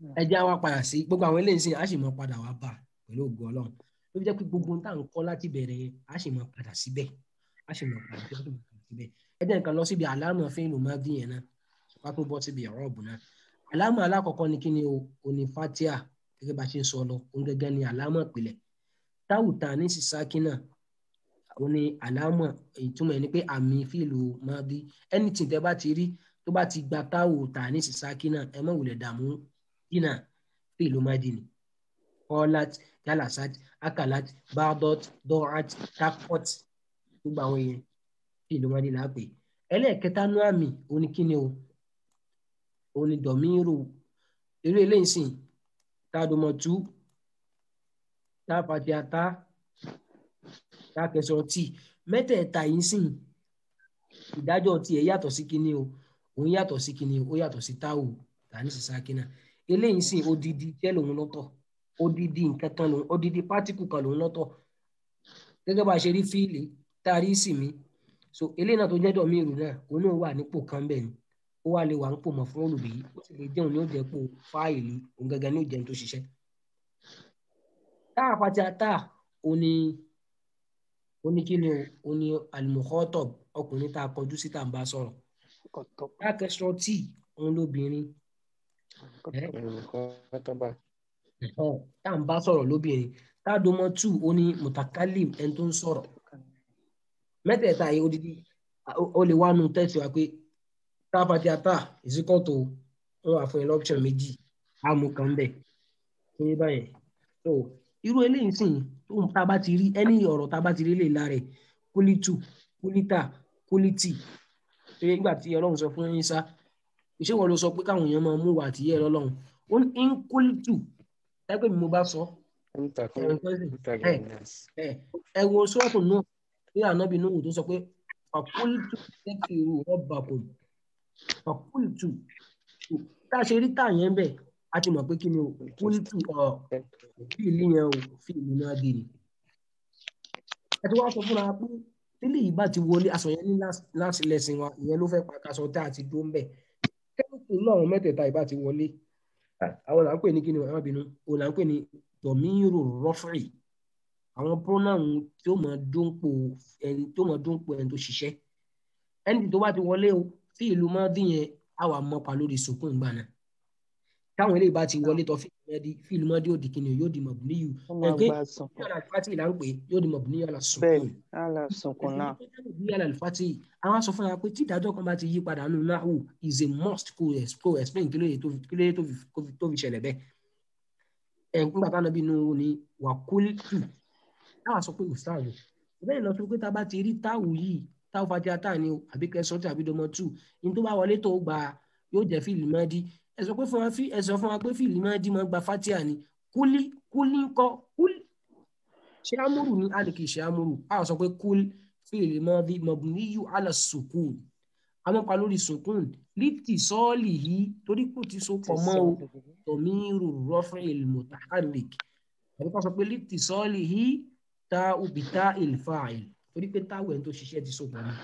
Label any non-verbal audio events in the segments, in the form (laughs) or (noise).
Hmm. ẹ jẹ́ àwa padà sí gbogbo àwọn eléyìí sìn á sì mọ padà wá bá pẹ̀lú ògo Ọlọ́run ló fi jẹ́ pé gbogbo ohun tá à ń kọ́ láti bẹ̀rẹ̀ yẹn á sì mọ padà síbẹ̀ á sì mọ padà síbẹ̀ ẹ dẹ̀ nǹkan lọ síbi àlámà fíìlù má dín yẹn náà wá bọ́ síbi ọ̀rọ̀ ọ̀bùn náà àlámà alákọ̀ọ́kọ́ ni kí ni o fatia gẹ́gẹ́ bá ṣe ń sọ lọ òun gẹ́gẹ́ ni àlámà ìpìlẹ̀ táwùtà ní sísákí náà ó ní àlámọ̀ ìtumọ̀ ẹni pé àmì fíìlù máa bí anything tẹ bá ti rí tó bá ti gba táwò ní sísákí náà ẹ má wulẹ̀ dààmú Dina فعل ماضي قالت جلست أكلت bardot ضاعت تقفت gbogbo àwọn yẹn fìlú wọn ni là á pè ẹlẹ́ẹ̀kẹta nú àmì oníkíni o òní dọ̀míìrò eré eléyìí sìn tàdùmọ̀tú tàfàtìata tàkẹsàn tí mẹ́tẹ̀ẹ̀ta yìí sìn ìdájọ́ tiẹ̀ yàtọ̀ sí kíní o òun yàtọ̀ sí kíní o ó sí táwù tàní sísá kínà eléyìí sì odidi jẹ́ lòun lọ́tọ̀ odidi nǹkan kan lòun odidi pátíkù kan lòun lọ́tọ̀ gẹ́gẹ́ bá a ṣe rí fíìlì tá a rí sì mí so eléyìí náà tó jẹ́ dọ̀mí ìrù náà òun náà wà nípò kan bẹ́ẹ̀ ni ó wà lè wà nípò mọ̀ fún olùbí ó sì lè jẹ́ òun ní ó jẹ́ pò fáìlì òun gangan ní ó jẹun tó ṣiṣẹ́ tá pàtí ata òní òní kí ni òní alimokhotob ọkùnrin tá a kọjú sí tá bá sọ̀rọ̀ tá a kẹsàn-án tí òun lóbìnrin tá à ń bá sọ̀rọ̀ lóbìnrin táàdùmọ̀ tù ó ní mutakalim ẹni tó ń sọ̀rọ̀ mẹ́tẹ̀ẹ̀ta yìí odidi ó lè wá nu tẹ́tì wa pé táfàtì ata ìsíkọ̀tò wọn wà fún election méjì àmú kan bẹ̀ tó yé báyẹn so irú eléyìí sìn tó ń tá a bá ti rí ẹni ọ̀rọ̀ tá a bá ti rí lè la rẹ̀ kúlítù kúlítà kúlítì tó yẹ nígbà tí ọlọ́run sọ fún yín sá ìṣe wọn ló sọ pé káwọn èèyàn máa mú wà tí yẹ lọ́lọ́run ó ní ń kólítù ẹgbẹ́ mi mo bá sọ. ẹ wo sọ́ọ̀tù náà pé ànábì Nuhu tó sọ pé fàkúlítù tẹ́kì irú ọba kò fàkúlítù tá a ṣe rí tà yẹn bẹ́ẹ̀ a ti mọ̀ pé kí ni o kúlítù ọ̀ fi ìlú yẹn o fi ìlú náà gèrè. ẹ ti wá sọ fúnra pé tẹ́lẹ̀ yìí bá ti wọlé aṣọ yẹn ní láti lẹ́sìn wa ìyẹn ló fẹ́ pa kaṣọ tá a ti dó ń bẹ̀ kẹ́rùkù náà àwọn mẹ́tẹ̀ẹ̀ta ìbá ti wọlé ah. àwọn là ń pè ní kíni àwọn abìnú òun là ń pè ní dọ̀míìrò rọ́fìrì àwọn pronoun tí ó máa dúnpò ẹni tó máa dúnpò ẹni tó ṣiṣẹ́ ẹni tó bá ti wọlé o tí ìlú máa dín yẹn á wà lórí sùkúù gbà náà táwọn eléyìí bá ti wọlé tọ fíìlì mọ́dí ó di kíni yóò di mọ̀bù níyù ẹgbẹ́ yàrá alifati yóò di mọ̀bù níyù àlà sùnkùn àlà sùnkùn náà níyù àlà alifati àwọn aṣọ fún wa pé tí ìdájọ́ kan bá ti yí padà nù náà is a must kó explain kí lóye tó fi ṣẹlẹ̀ bẹ́ẹ̀ ẹ̀ǹkúgbà táwọn ẹbí nu ni wàkúlìtì táwọn sọ pé òsàlù bẹ́ẹ̀ lọ sọ pé tá a bá ti rí táwù yìí táwù fati tó yóò jẹ́ fíìlì mọ́dí ẹ sọ pé fún wa fi ẹ sọ fún wa pé fìlì máa dì máa gba fatia ni kúlí kúlí ń kọ kúlí ṣé amúrù ni a lè kì í ṣe amúrù a sọ pé kúlí fìlì máa dì mabniyu ala sukun amọ́pa lórí sukun lítì sọ́ọ̀lì yìí torí kò ti so pọ̀ mọ́ o tọ̀míìrù rọ́fìl mutaharrik àbíká sọ pé lítì sọ́ọ̀lì yìí ta ubi ta ilfa'il torí pé táwọn ẹni tó ṣiṣẹ́ ti so pọ̀ mọ́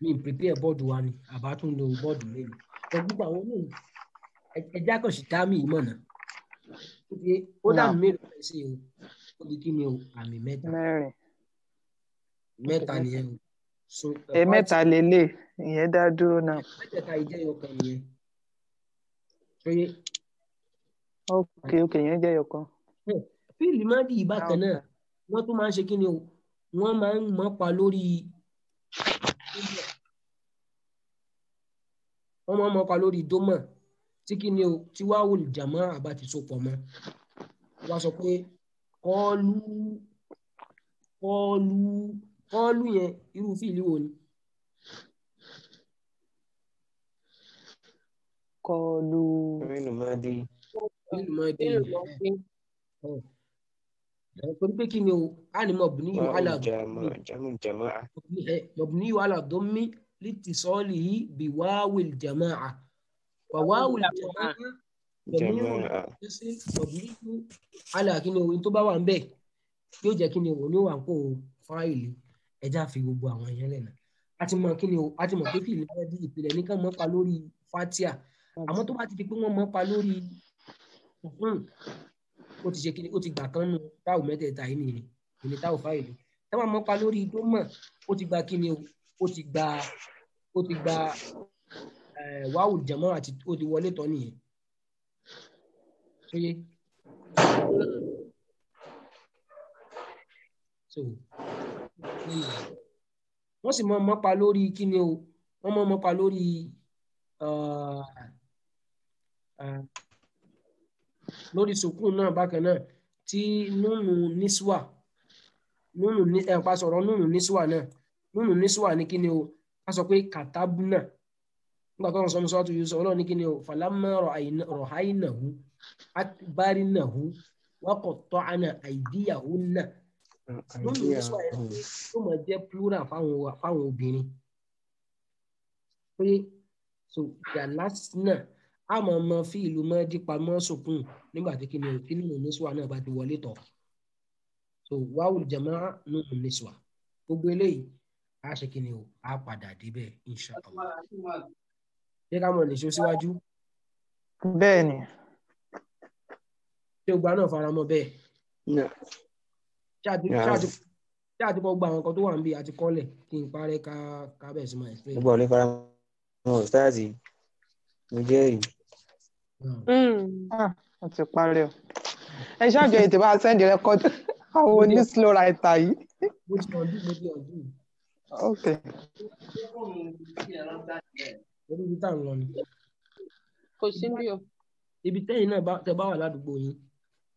mi prepare bọ́ọ̀dù wa ni àbá tún lo bọ́ọ̀dù mélòó gbogbo àwọn onímọ̀ ẹja kò sí táàmì yìí mọ̀nà ó dàmí mélòó fẹ́ sí o ó di kí ni o àmì mẹ́ta mẹ́ta nìyẹn o. ẹ mẹ́ta lélẹ̀ ìyẹn dá dúró náà. mẹ́tẹ̀ẹ̀ta yìí jẹ́ ọkàn nìyẹn. ok ok ìyẹn jẹ́ ọkàn. Hm, fíìlì mádìí bákan náà wọ́n tún máa ń ṣe kí ni o wọ́n máa ń mọ́pa lórí wọ́n máa ń mọ̀ọ́kà lórí dómọ̀ tí kí ni o tí wàá wò jàmọ́ àbá ti so pọ̀ mọ́ wọ́n sọ pé kọ́ọ̀lù kọ́ọ̀lù kọ́ọ̀lù yẹn irú fíìlì wo ni. kọ́ọ̀lù. fíìlù máa di. fíìlù máa di torí pé kí ni o a ní mọ̀bùníyù alàdọ́mí mọ̀bùníyù alàdọ́mí لاتصاله بواو الجماعة وواو الجماعة جميع مبني على كني وانتو بá wà ńbẹ̀ yóò jẹ́ kíni o ní wà ńkọ́ fáìlì ẹja fi gbogbo àwọn ẹyẹ lẹ́nà àti mọ̀ kíni o àti mọ̀ pé fìlì náà di ìpìlẹ̀ nìkan mọ́ pa lórí fatia àmọ́ tó bá ti di pé wọ́n mọ́ pa lórí ó ti ṣe kíni ó ti gbà kán nu táwọn mẹ́tẹ̀ẹ̀ta yìí nìyẹn ìní táwọn fáìlì táwọn mọ́ pa lórí dómọ̀ ó ti gba kíni o ó ti gba ó ti gba eh, wáwù jẹmọ àti ó ti wọlé tọ nìyẹn péye so wọ́n sì mọ mọpa lórí kíni o wọ́n mọ mọpa lórí ah, ah, lórí sukun náà bákan náà tí nùnù nísùwà nùnù ẹ̀ pa sọ̀rọ̀ nùnù nísùwà náà nínú níṣùwà ní kíni o a sọ pé kàtàbùnà nígbà tó ń sọ musa tó Yusuf ọlọ́run ní kíni o falama rọ̀háìnàhù akbarinahu wakọ̀tọ̀ àna àìdíyàwó náà nínú níṣùwà yẹn tó mọ̀ jẹ́ plural fáwọn obìnrin pé so galasina a máa mọ fi ìlú mọ́ dípamọ́ sòkun nígbà tí kíni o tí nínú níṣùwà náà bá ti wọlé tọ̀ so wáwùl jama'a nínú níṣùwà gbogbo eléyìí a ṣe kí ni o a padà débẹ̀ inshallah. ṣé ká mọ̀ lè ṣe síwájú. bẹ́ẹ̀ ni. ṣé o gba náà fara mọ́ bẹ́ẹ̀. ṣé àti kọ́ gba àwọn kan tó wà níbi àti kọ́lẹ̀ kí n parẹ́ ká ká bẹ̀ sí máa explain. gbogbo ọ̀lẹ́ fara mọ́ ọ̀stáàzì mo jẹ́rìí. ó hmm. ah, ti parí o ẹ ṣáàjọ ètò bá send record àwọn oní slow writer yìí. mo ti ọdún mo ti ok. Olúbi tá à lọ ni. Kò sí o. Ibi tẹ́yìn náà tẹ bá wà ládùúgbò yín,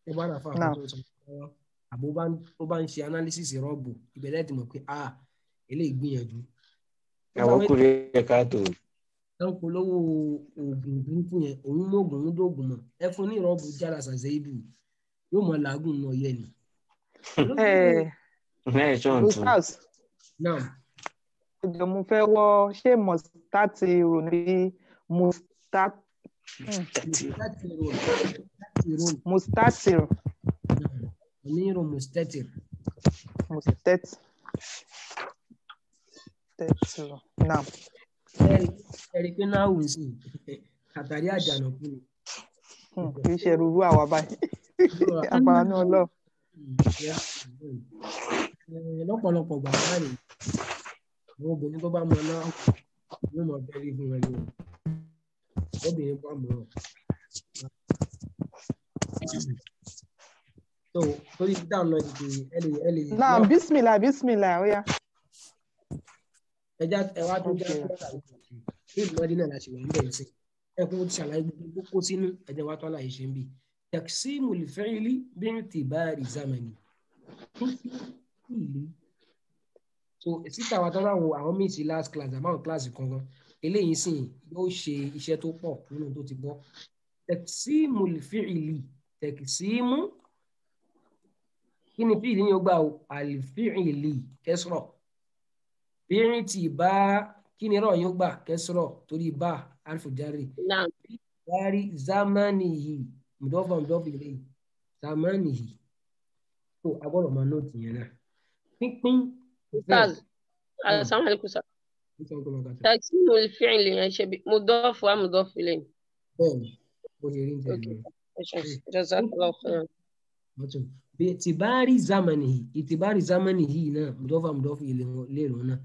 ẹ bá fún àwọn tó sọ àbó ó bá ń ṣe analysis rọ́ọ̀bù mọ̀ pé a Àwọn kúrẹ́ ẹ̀ka tó. oògùn burúkú yẹn, òun ń dóògùn mọ̀. Ẹ fún ní rọ́ọ̀bù jára ṣàṣẹ ibù, yóò mọ làágùn náà yẹ eh. Ẹ ẹ ṣọ́ọ̀tún. jọ mo fẹ́ wọ́ ṣé mọ̀sítàtì rò ní mọ̀sítàtì mustatir. Amiru mustatir. Mustatir. Naam. Ẹ̀rí pé náà wù sí àtàrí àjànàkú ni. Hmm, kì í ṣe rúrú àwa báyìí. (laughs) Àpárá náà lọ. Hmm, eh, lọ́pọ̀lọpọ̀ gbàgbá rèé àwọn obìnrin tó bá mọ náà wọn mọ bẹrí fún ẹ lónìí obìnrin bá mọ so torí dáhùn náà ti ẹ lè ẹ lè. náà ó yá. ẹ já ẹ wá tó já ní ìmọ̀dé náà láti wà níbẹ̀ sí ẹ kó ṣàlàyé gbogbo kó sínú ẹ̀jẹ̀ wá tó àlàyé ṣe ń bì taksimu lifẹ́ẹ́lì bíntì báàrì zamani so sísá wa tọ́lá àwọn àwọn míì sí last class àmọ́ kíláàsì kankan eléyìí sìn yóò ṣe iṣẹ́ tó pọ̀ nínú tó ti gbọ́ tẹ̀síìmù fìlì tẹ̀síìmù kí ni fìlì ni ó gbà o àlìfìlì kẹsọ̀rọ̀ fìrìntì bá kí ni rọ̀ yóò gbà kẹsọ̀rọ̀ torí bá alfujari bari zamanihi mudọ́fà mudọ́fà ilé zamanihi tó agbọ́dọ̀ máa nóòtì yẹn náà pínpín استاذ السلام عليكم استاذ تقسيم الفعل يا شباب مضاف ومضاف اليه بẹ́ẹ̀ni جزاك الله خيرا باعتبار زمنه اعتبار زمنه náà مضاف ومضاف اليه náà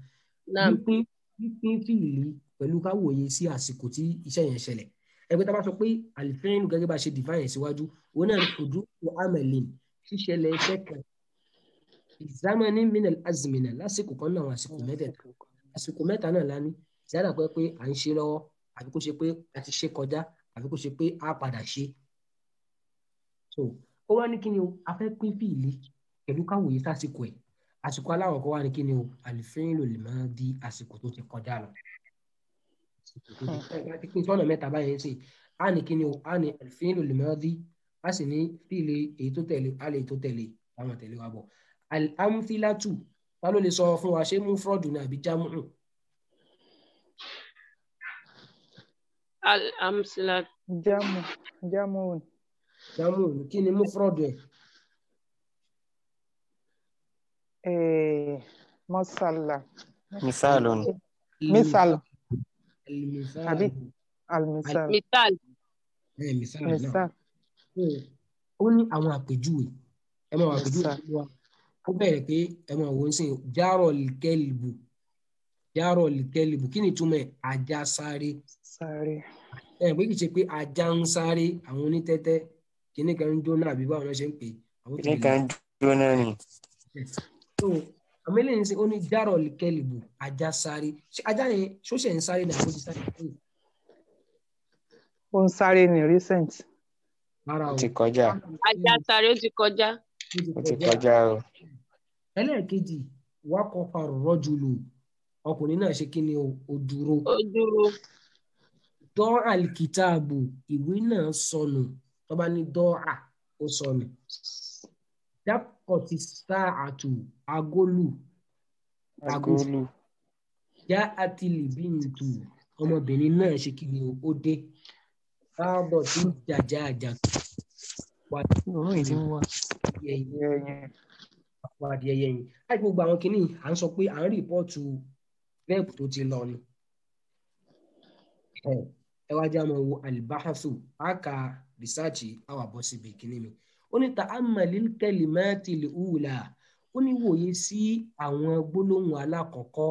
naam pínpín fìlì pẹ̀lú ká wòye sí àsìkò tí iṣẹ́ yẹn ṣẹlẹ̀ ẹgbẹ́ tá a bá sọ pé àlìfẹ́rìn gẹ́gẹ́ bá ṣe define síwájú òun náà kò dúró amelin ṣíṣẹlẹ̀ iṣẹ́ kan zamani minel azmina lásìkò kan náà àsìkò mẹ́tẹ̀ẹ̀ta àsìkò mẹ́ta náà la ní ìyára pé pé à ń ṣe lọ́wọ́ àbí kó ṣe pé a ti ṣe kọjá àbí kó ṣe pé a padà ṣe. so ó wá ní kí ni o a fẹ́ pín fìlì pẹ̀lú káwòye sásìkò ẹ̀ àsìkò aláwọ̀ kan wá ní kí ni o àlìfín lò lè máa di àsìkò tó ti kọjá lọ. sọ́nà mẹ́ta báyẹn sì á ní kí ni o á ní àlìfín lò lè máa di á sì ní fìlì èyí tó tẹ̀lé á lè tó tẹ̀lé àwọn tẹ̀lé wa bọ̀ al-amthilatu ta ló lè sọ fún wa ṣé mufrod ni àbí jamu'u. al-amthilatu. jamu jamu'u. jamu'u kí ni mufrod ẹ. Eh, masala. misalun. misal. àbí al-misal. Eh, misal. misal. Eh, ó ní àwọn àpèjúwe ẹ máa wà àpèjúwe wa ó bẹ̀rẹ̀ pé ẹ máa wò ó sìn járọ̀ kẹlìbù járọ̀ kẹlìbù kí ni túmọ̀ ẹ̀ ajá sáré. sáré. ẹ ẹ pé kì í ṣe pé ajá ń sáré àwọn onítẹ́tẹ́ kìíní kan ń jóná àbí báwọn náà ṣe ń pè é. kìíní kan ń jóná ni. so àmẹ́lẹ̀ ń sìn ó ní járọ̀ ajá sáré ajá yẹn ṣóṣẹ̀ ń sáré ní àbójú sáré. ó ń sáré ní recent. rárá o ti kọjá. ajá sáré ó ti kọjá. ó ti kọjá o ẹlẹ́ẹ̀kejì wákọ̀fà rọ́jùlù ọkùnrin náà ṣe kí ni o dúró. ó dúró. dọ́ àlìkìtààbù ìwé náà sọnù tó bá ní dọ́ à ó sọnù. dápọ̀tì sáà àtù agólù. agólù. já àtìlì bíntù ọmọbìnrin náà ṣe kí ni ó dé. báàbọ̀ tí ń jàjà àjà. wà á tún ọ̀rọ̀ ìdí wọn wádìí ẹyẹ yìí láti gbogbo àwọn kìíní à ń sọ pé à ń rìpọ́ọ̀tù rẹ́ẹ̀p tó ti lọ ni. ẹ wá jẹ́ àmọ́ wo alibahasu aka rìsáàchì àwà bọ́ síbi kìíní mi. ó ní ta amalil kalimati li ula ó ní wòye sí àwọn gbólóhùn alákọ̀ọ́kọ́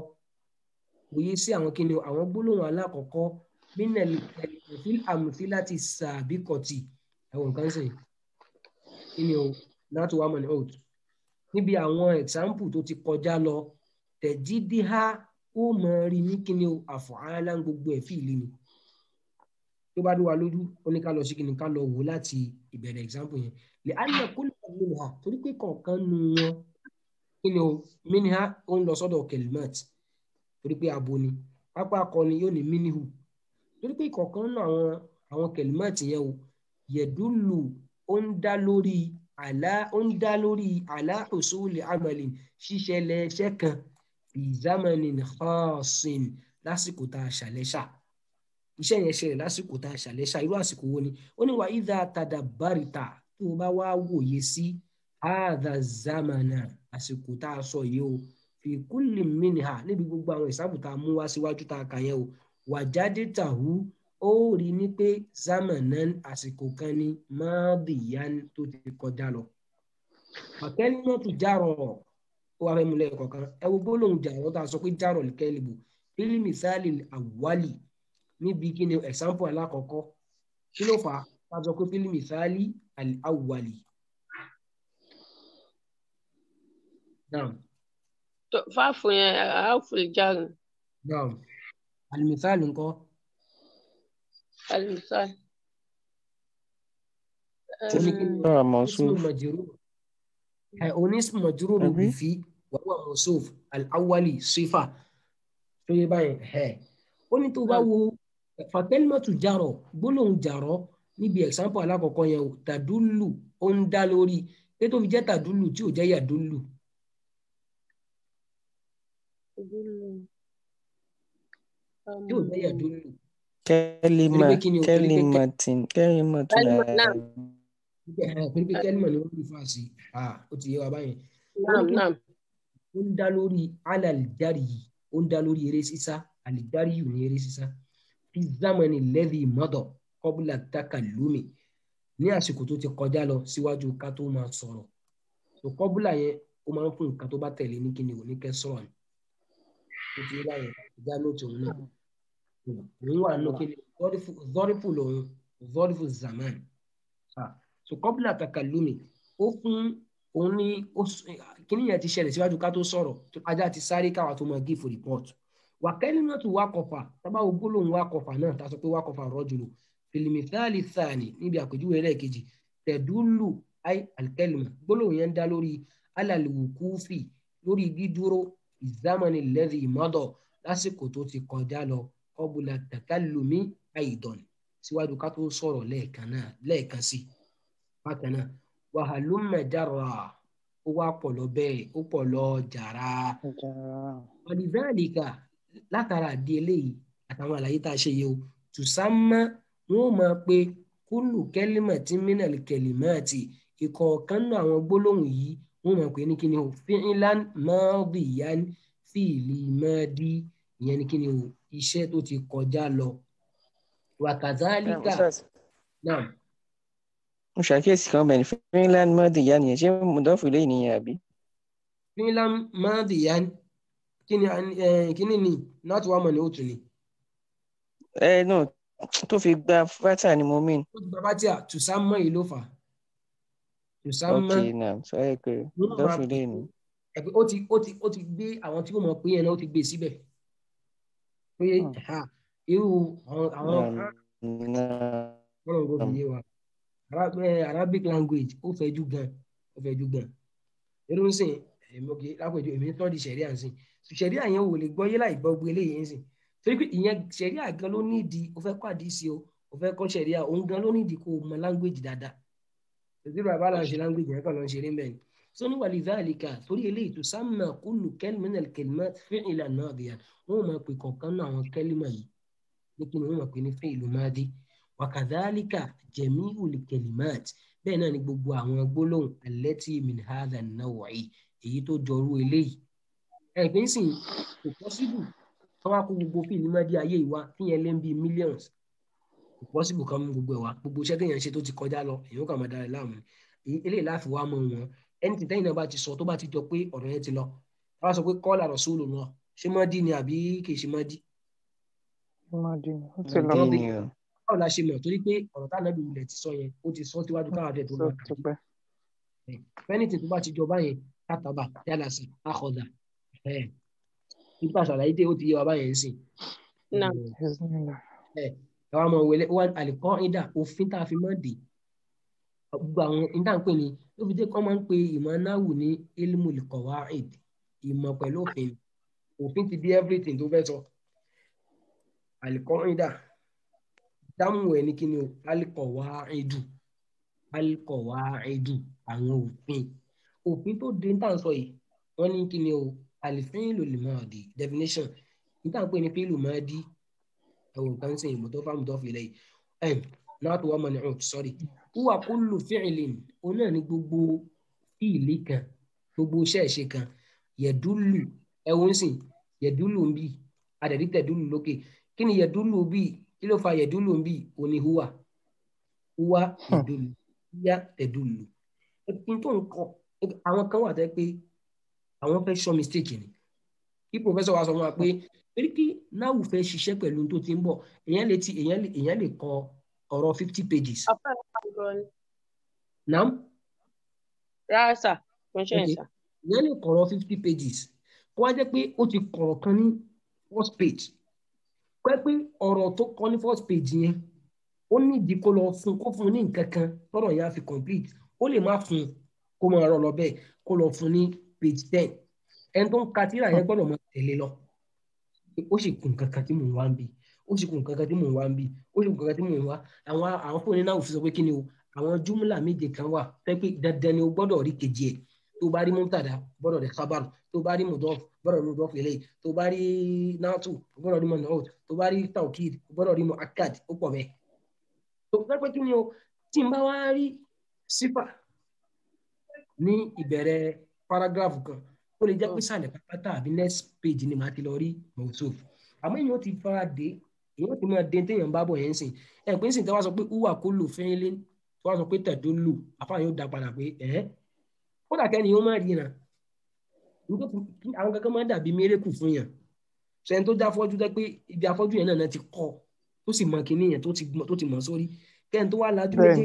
wòye sí àwọn kìíní àwọn gbólóhùn alákọ̀ọ́kọ́ minel fil amfila ti sàbíkọ̀tì ẹ̀wọ̀n kan sìn kí ni o láti wá mọ̀ ní ọ̀tún níbi àwọn example tó ti kọjá lọ tẹ̀jídíhá ó mọ̀ rí ní kíni o àfọ̀hánlá gbogbo ẹ̀ fi ìlú ni tó bá dé wa lójú ó ní ká lọ sí kíni ká lọ wò láti ìbẹ̀rẹ̀ example yẹn lè á lè kó lè lè hà torí pé kọ̀ọ̀kan nu wọn kíni o miniha ó ń lọ sọ́dọ̀ kelmet torí pé abo ni pápá akọni yóò ní minihu torí pé kọ̀ọ̀kan nu àwọn àwọn kelmet yẹn o yẹ̀dúlù ó ń dá lórí àlá ó ń dá lórí àlá husuli amalin ṣíṣẹlẹ̀ ẹṣẹ́ kan fi zamanin khasin lásìkò tá a ṣàlẹ́ṣà iṣẹ́ yẹn ṣẹlẹ̀ lásìkò tá a ṣàlẹ́ṣà irú àsìkò wo ni ó ní wà ìdá tadabbarita tó o bá wá wòye sí hadha zamana àsìkò tá a sọ yìí o fi kulli níbi gbogbo àwọn ìsáàbù mú wá síwájú tá a kà yẹn o wàjáde tàhú ó rí ní pé zamanan àsìkò kan ni madiyan tó ti kọjá lọ kẹlimọtù jarọ ó wà fẹ́ múlẹ̀ kọ̀ọ̀kan ẹ wo gbólóhùn jarọ tá a sọ pé jarọ kẹlẹbù lílì mísàlì àwálì níbi kí ni ẹ̀sánpọ̀ alákọ̀ọ́kọ́ kí ló fà á sọ pé fílì mísàlì àwálì. fáfù yẹn àáfù ìjà rẹ. alimísàlì المثال موصوف مجرور هون اسم مجرور بفي وهو موصوف الاولي صفه شويه باين ها oni tó bá wo fàtẹ́límọ̀tù jarọ̀ gbólóhùn jarọ̀ níbi example alákọ̀ọ́kọ́ yẹn tàdúlù ó ń dá lórí pé tó fi jẹ́ tàdúlù tí ò jẹ́ yàdúlù. tí ò jẹ́ um, yàdúlù kẹ́límà kẹ́límà tì kẹ́límà tó dára. pẹ̀lú kẹ́límà ni wọ́n ń fa sí ó ti yé wa báyìí. ó ń dá lórí alàlìjárì yìí ó ń dá lórí eré sísá àlìjárì yìí ní eré sísá fi zámani lẹ́dí mọ́dọ̀ kọ́bùlà dákà lómi ní àsìkò tó ti kọjá lọ síwájú ká tó máa sọ̀rọ̀ tó kọ́bùlà yẹn ó máa ń fún nǹkan tó bá tẹ̀lé ní kíni ò ní kẹ́ sọ̀rọ̀ ni ó ti yé báyìí ìdá lóòtú náà wíwà lókè ní zọ́rífù lòun zọ́rífù zaman ah, so kọ́bílà takalumi ó fún òun ní kíní yẹn ti ṣẹlẹ̀ síwájú ká tó sọ̀rọ̀ ajá ti sáré káwa tó mọ gífù report wàkẹ́lì náà tún wa kọfà tábà wo gbólóhùn wá kọfà náà tá a sọ pé wá kọfà rọ́jùlù fìlìmìtálì sàní níbi àpèjúwe ẹlẹ́ẹ̀kejì tẹ̀dúlù ai alkalima gbólóhùn yẹn ń dá lórí alàlùwùkúfì lórí dídúró ìzámanilẹ́rì mọ́dọ̀ lásìkò tó ti kọjá lọ qabla takallumi aidan síwájú ká tó sọ̀rọ̀ lẹ́ẹ̀kan náà lẹ́ẹ̀kan sí bákan náà wàhálùmẹ dára ó wá pọlọ bẹ́ẹ̀ ó pọlọ jàrá wàlìdáàlìkà látara àdí eléyìí àtàwọn àlàyé tá a ṣe yẹ o tùsámà wọn ò máa pe kúlù kẹlímà tí mínàlì kẹlímà ti ìkọ̀ọ̀kan náà àwọn gbólóhùn yìí wọn ò máa pe ní kíni o fíìlán mọ́ọ̀dìyàn fíìlì mọ́ọ̀dì ìyẹn ni kí ni o iṣẹ́ tó ti kọjá lọ wàkàtàlíkà mo ṣàkíyèsí kan bẹ́ẹ̀ ni finland mọ́dìyá nìyẹn ṣé mọ̀dọ́fù lè nìyẹn àbí. finland mọ́dìyá kíni kíni ni náà tí wàá mọ̀ ní òtún ni. ẹ náà tó fi gba fata ni mo mean. tó fi gba fata tùsámọ́ yìí ló fà á. tùsámọ́ ok náà sọ yẹ pé mọ̀dọ́fù lè nìyẹn. ẹ pé ó ti ó ti ó ti gbé àwọn tí kò mọ̀ pé yẹn náà ó ti gbé e síbẹ̀ ha, irú àwọn ọlọ́run gbọ́dọ̀ yé wa Arabic language ó fẹ́ jù gan ó fẹ́ jù gan irú ń sìn èmọ̀kì lápẹjù èmi ń tọ́jú sẹ̀ríà ń sìn sẹ̀ríà yẹn wò lè gbọ́ yé láì gbọ́ gbé eléyìí ń torí pé ìyẹn sẹ̀ríà gan ló nídìí ó fẹ́ kọ́ àdìsí o ó fẹ́ kọ́ sẹ̀ríà òun gan ló nídìí kó o mọ language dáadáa òsínbàbá là ń ṣe language yẹn kàn ló ń ṣeré mbẹ́ni sọ́ni wà lidhalika torí eléyìí tó sáàmà kullu kalimatin minal kalimat fi'lan madiyan wọ́n máa pè kọ̀ọ̀kan náà àwọn kẹ́límà yìí nípínlẹ̀ wọ́n máa pè ní fi'lu madi wa kadhalika jami'ul kalimat bẹ́ẹ̀ náà ni gbogbo àwọn gbólóhùn allati min hadha an-naw'i èyí tó jọrú eléyìí ẹ̀gbìn sìn kò pọ́sibù millions kò pọ́sibù kan mú gbogbo ẹ̀ wá gbogbo iṣẹ́ téèyàn ṣe tó ti eléyìí láàfi wá mọ wọn ẹni tí tẹ́yìn náà bá ti sọ tó bá ti jọ pé ọ̀rọ̀ yẹn ti lọ a bá sọ pé kọ́ọ̀lù àròsóòlù náà ṣé mọ́ dí ni àbí kì í ṣe mọ́ dí. mọ́ dí ni ó ti lọ mí ni o. báwo la ṣe mọ̀ torí pé ọ̀rọ̀ tá ànábì wulẹ̀ ti sọ yẹn ó ti sọ síwájú káwọn fẹ́ tó lọ kàdé. fẹ́nìtì tó bá ti jọ báyẹn kátàbà yálà sí àkọ́dà nípa àṣàlàyé dé ó ti yé wa báyẹn sí. ẹ wá mọ̀ wẹlé wọn àlìkọ́ ìdá òfin tá a fi mọ́ dé gbogbo àwọn ìdáǹpẹ ni ló fi jẹ́ kí wọ́n máa ń pe ìmọ̀ náwù ní ilmul qawaid ìmọ̀ pẹ̀lú òfin òfin ti bí everything tó fẹ́ sọ alikọ́rìndà dáhùn ẹ̀ ní kíni o alikọ̀wáìdù alikọ̀wáìdù àwọn òfin òfin tó dé níta sọ yìí wọ́n ní kíni o alifin lòlì máa di definition níta pé ní fílù máa di ẹ̀wọ̀n kan sìn ìmọ̀tọ́fà mọ̀tọ́fà ilẹ̀ yìí not wa man'ut sorry huwa kullu fi'lin òun náà ni gbogbo fíìlì kan gbogbo iṣẹ́ ìṣe kan yẹ̀dúlù ẹ̀wọ̀n sìn yẹ̀dúlù ń bì àdàdí tẹ̀dúlù lókè kí ni yẹ̀dúlù bì kí ló fa yẹ̀dúlù ń bì òní huwa huwa yẹ̀dúlù yá tẹ̀dúlù n tó ń kọ àwọn kan wà tẹ́ pé àwọn fẹ́ sọ mistake ni kí professor wa sọ fún pé pé náà wù fẹ́ ṣiṣẹ́ pẹ̀lú tó ti ń bọ̀ èèyàn lè kọ́ ọ̀rọ̀ fifty pages. naam. rárá sà kò ṣe é sà. ìyẹn lè kọ̀rọ̀ fifty pages kó wá jẹ́ pé ó ti kọ̀rọ̀ kan ní first page kó wá pé ọ̀rọ̀ tó kọ ní first page yẹn ó ní ìdí kó lọ fún kó fún ní nǹkan kan lọ́rọ̀ yẹn fi complete ó lè má fún kó máa rọ lọ bẹ́ẹ̀ kó lọ fún ní page ten ẹni tó ń ka tíra yẹn gbọ́dọ̀ mọ tẹ̀lé lọ ó sì kún kankan tí mò ń wá ń bì ó sì kù nǹkan kan tí mò ń wá ń bì ó sì kù nǹkan kan tí mò ń wá àwọn àwọn fóònù náà fi sọ pé kí ni o àwọn júmùlà méje kan wà fẹ́ pé dandan ni o gbọ́dọ̀ rí kejì ẹ̀ tó bá rí mọ́tàdá gbọ́dọ̀ rí kábàrù tó bá rí mọ̀dọ́f gbọ́dọ̀ rí mọ̀dọ́f eléyìí tó bá rí náàtù gbọ́dọ̀ rí mọ̀nàọ́t tó bá rí taukid gbọ́dọ̀ rí mọ̀akad ó pọ̀ bẹ́ẹ̀. tó fẹ́ pé kí ni o tí n bá wá rí sífà ní ìbẹ̀rẹ̀ paragraph kan ó lè jẹ́ pé hmm. sàlẹ̀ pátá àbí next page ni màá ti lọ rí mọ̀tòf àmọ́ èèyàn ti fara dé èèyàn ti máa den téèyàn bá bọ̀ yẹn sìn ẹ̀ pé sìn tí wọ́n sọ pé uwa kó lò fẹ́ lé tí wọ́n sọ pé tẹ̀dó lò àfa yóò da padà pé ẹ̀ ó dàkẹ́ ni yóò má rí yàn àwọn kankan máa dàbí mérekù fún yàn sẹ́ni tó dáfọ́jú dẹ́ pé ibi afọ́jú yẹn náà ti kọ́ tó sì mọ kinní yẹn tó ti mọ̀ sórí kẹ́ni tó wà lájú